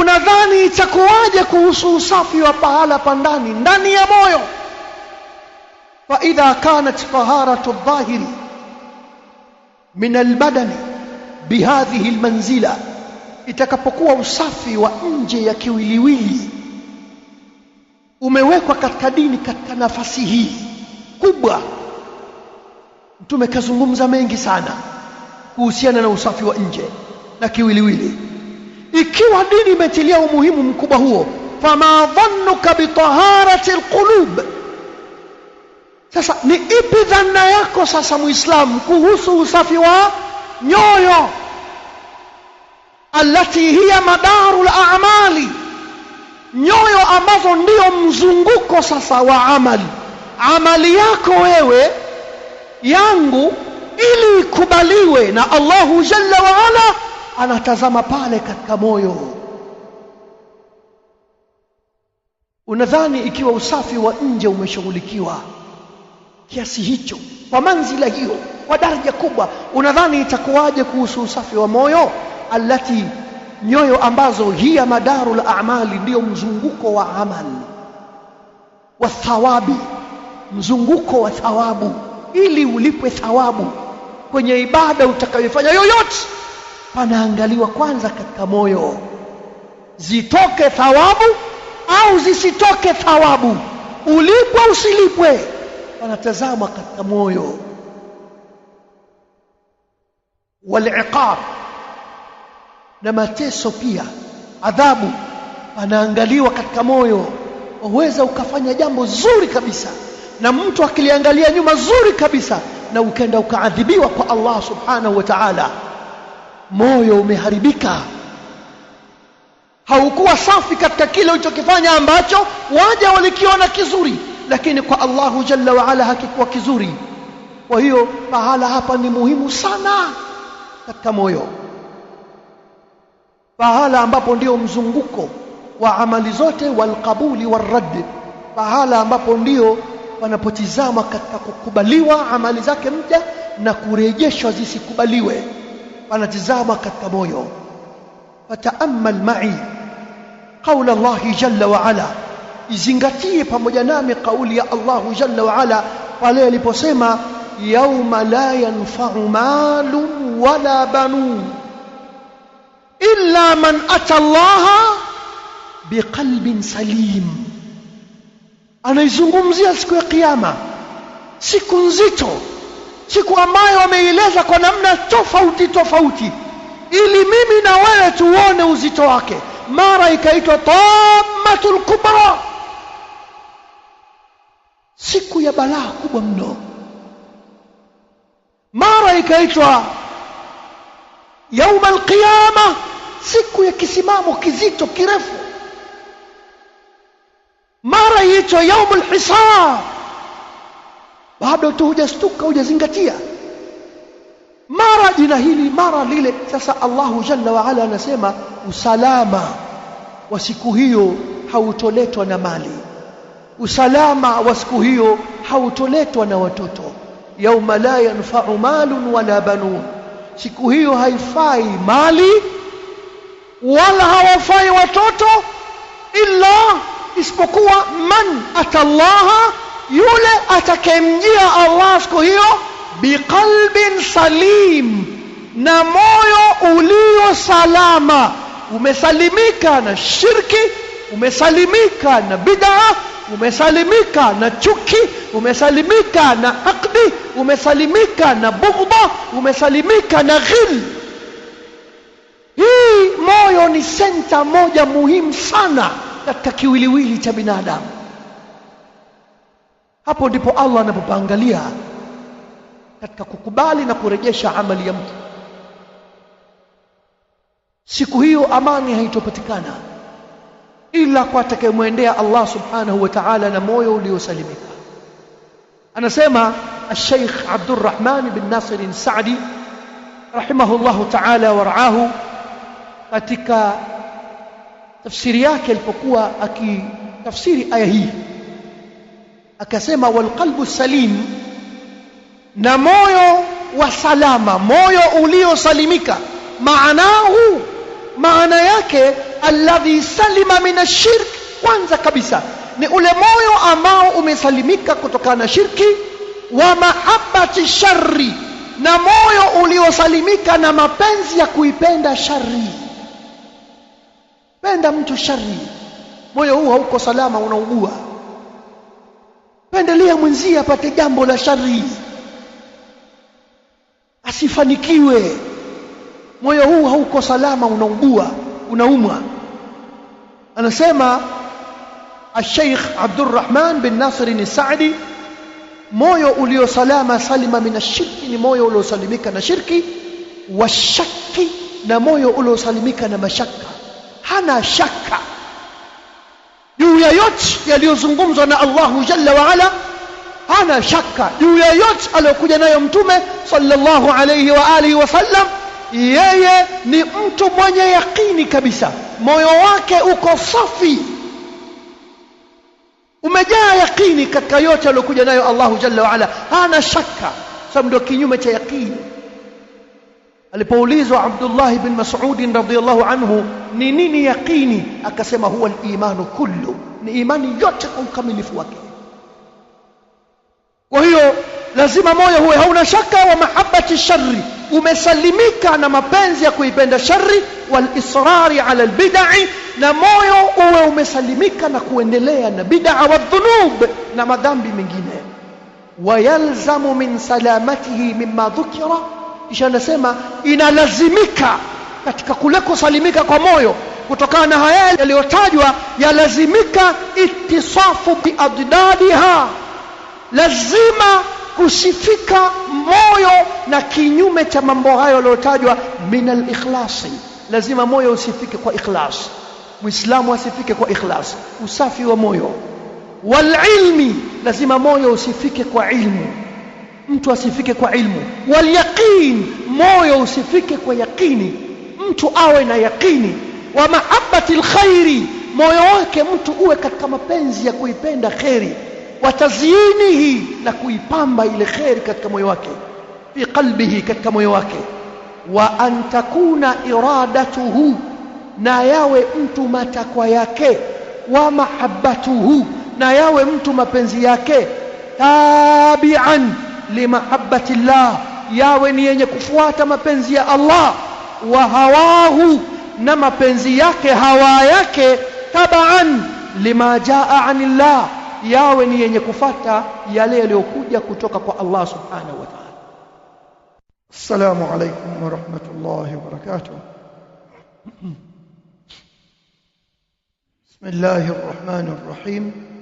Unadhani itakuwaje kuhusu usafi wa pahala pa ndani, ndani ya moyo? Fa idha kanat taharatu dhahiri min albadani bihadhihi almanzila, itakapokuwa usafi wa nje ya kiwiliwili umewekwa katika dini katika nafasi hii kubwa. Mtume kazungumza mengi sana kuhusiana na usafi wa nje na kiwiliwili. Ikiwa dini imetilia umuhimu mkubwa huo, fama dhannuka taharati alqulub, sasa ni ipi dhanna yako sasa Muislamu kuhusu usafi wa nyoyo? alati hiya madaru lamali nyoyo ambazo ndio mzunguko sasa wa amali. Amali yako wewe yangu ili ikubaliwe na Allahu jalla waala anatazama pale katika moyo. Unadhani ikiwa usafi wa nje umeshughulikiwa kiasi hicho, kwa manzila hiyo, kwa daraja kubwa, unadhani itakuwaje kuhusu usafi wa moyo? alati nyoyo ambazo hiya madaru la a'mali, ndiyo mzunguko wa amali wa thawabi, mzunguko wa thawabu, ili ulipwe thawabu kwenye ibada utakayofanya yoyote panaangaliwa kwanza katika moyo, zitoke thawabu au zisitoke thawabu, ulipwe usilipwe, panatazama katika moyo. Waliqab, na mateso pia, adhabu panaangaliwa katika moyo. Waweza ukafanya jambo zuri kabisa na mtu akiliangalia nyuma zuri kabisa, na ukenda ukaadhibiwa kwa Allah subhanahu wa ta'ala moyo umeharibika haukuwa safi katika kile ulichokifanya ambacho waja walikiona kizuri lakini kwa Allahu jalla wa ala hakikuwa kizuri kwa hiyo pahala hapa ni muhimu sana katika moyo pahala ambapo ndio mzunguko wa amali zote walqabuli warad pahala ambapo ndio panapotizama katika kukubaliwa amali zake mja na kurejeshwa zisikubaliwe wanatizama katika moyo. Fataamal mai qaula Allahi jalla wa izingatie pamoja nami kauli ya Allahu jalla waala pale aliposema yauma la yanfau malu wala banun illa man ata Allaha biqalbin salim. Anaizungumzia siku ya Kiyama, siku nzito siku ambayo wameieleza kwa namna tofauti tofauti, ili mimi na wewe tuone uzito wake. Mara ikaitwa Tammatul Kubra, siku ya balaa kubwa mno. Mara ikaitwa Yauma Alqiyama, siku ya kisimamo kizito kirefu. Mara iitwa Yaumul Hisab bado tu hujastuka, hujazingatia, mara jina hili mara lile. Sasa Allahu jalla waala anasema usalama wa siku hiyo hautoletwa na mali, usalama wa siku hiyo hautoletwa na watoto. Yauma la yanfau malun wala banun, siku hiyo haifai mali wala hawafai watoto, illa isipokuwa man ata llaha yule atakemjia Allah siku hiyo biqalbin salim, na moyo ulio salama. Umesalimika na shirki, umesalimika na bid'a, umesalimika na chuki, umesalimika na aqdi umesalimika na bughdha, umesalimika na ghil. Hii moyo ni senta moja muhimu sana katika kiwiliwili cha binadamu. Hapo ndipo Allah anapopaangalia katika kukubali na kurejesha amali ya mtu. Siku hiyo amani haitopatikana ila kwa atakayemwendea Allah subhanahu wa ta'ala na moyo uliosalimika. Anasema Sheikh Abdurrahman bin Nasir Saadi rahimahullahu ta'ala waraahu, katika tafsiri yake alipokuwa akitafsiri aya hii akasema walqalbu salim, na moyo wa salama, moyo uliosalimika. Maanahu, maana yake alladhi salima min ashirk, kwanza kabisa ni ule moyo ambao umesalimika kutokana na shirki. Wa mahabati shari, na moyo uliosalimika na mapenzi ya kuipenda shari. Penda mtu shari, moyo huu hauko salama, unaugua pendelea mwenzie apate jambo la shari, asifanikiwe. Moyo huu hauko salama, unaugua, unaumwa. Anasema Sheikh Abdurrahman bin Nasir Saadi, moyo uliosalama salima min ashirki, ni moyo uliosalimika na shirki, washaki, na moyo uliosalimika na mashaka, hana shaka yote yaliyozungumzwa na Allahu jalla waala hana shaka juu ya yote aliyokuja nayo Mtume sallallahu alayhi wa alihi wasallam. Yeye ni mtu mwenye yaqini kabisa, moyo wake uko safi, umejaa yaqini katika yote aliyokuja nayo Allahu jalla waala, hana shaka. Sababu ndio kinyume cha yaqini Alipoulizwa Abdullah bin Mas'ud radhiyallahu anhu, ni nini yaqini? Akasema huwa al-imanu kullu ni imani yote kwa ukamilifu wake. Kwa hiyo lazima moyo huwe hauna shaka wa mahabbati shari, umesalimika na mapenzi ya kuipenda shari, walisrari ala albidai, na moyo uwe umesalimika na kuendelea na bidaa wa dhunub na madhambi mengine. Wayalzamu min salamatihi mimma dhukira, kisha anasema inalazimika katika kule kusalimika kwa moyo kutokana na haya yaliyotajwa, yalazimika itisafu biadidadiha, lazima kusifika moyo na kinyume cha mambo hayo yaliyotajwa. Min alikhlasi, lazima moyo usifike kwa ikhlas, muislamu asifike kwa ikhlas, usafi wa moyo. Walilmi, lazima moyo usifike kwa ilmu, mtu asifike kwa ilmu. Walyaqin, moyo usifike kwa yaqini, mtu awe na yaqini wa mahabbati lkhairi moyo wake mtu uwe katika mapenzi ya kuipenda kheri, wa tazyinihi, na kuipamba ile kheri katika moyo wake, fi qalbihi, katika moyo wake, wa an takuna iradatuhu, na yawe mtu matakwa yake, wa mahabbatuhu, na yawe mtu mapenzi yake, tabian limahabbati llah, yawe ni yenye kufuata mapenzi ya Allah, wa hawahu na mapenzi yake hawa yake tabaan lima jaa anillah, yawe ni yenye kufata yale yaliyokuja kutoka kwa Allah subhanahu wa ta'ala. Assalamu alaykum wa rahmatullahi wa barakatuh. Bismillahir rahmanir rahim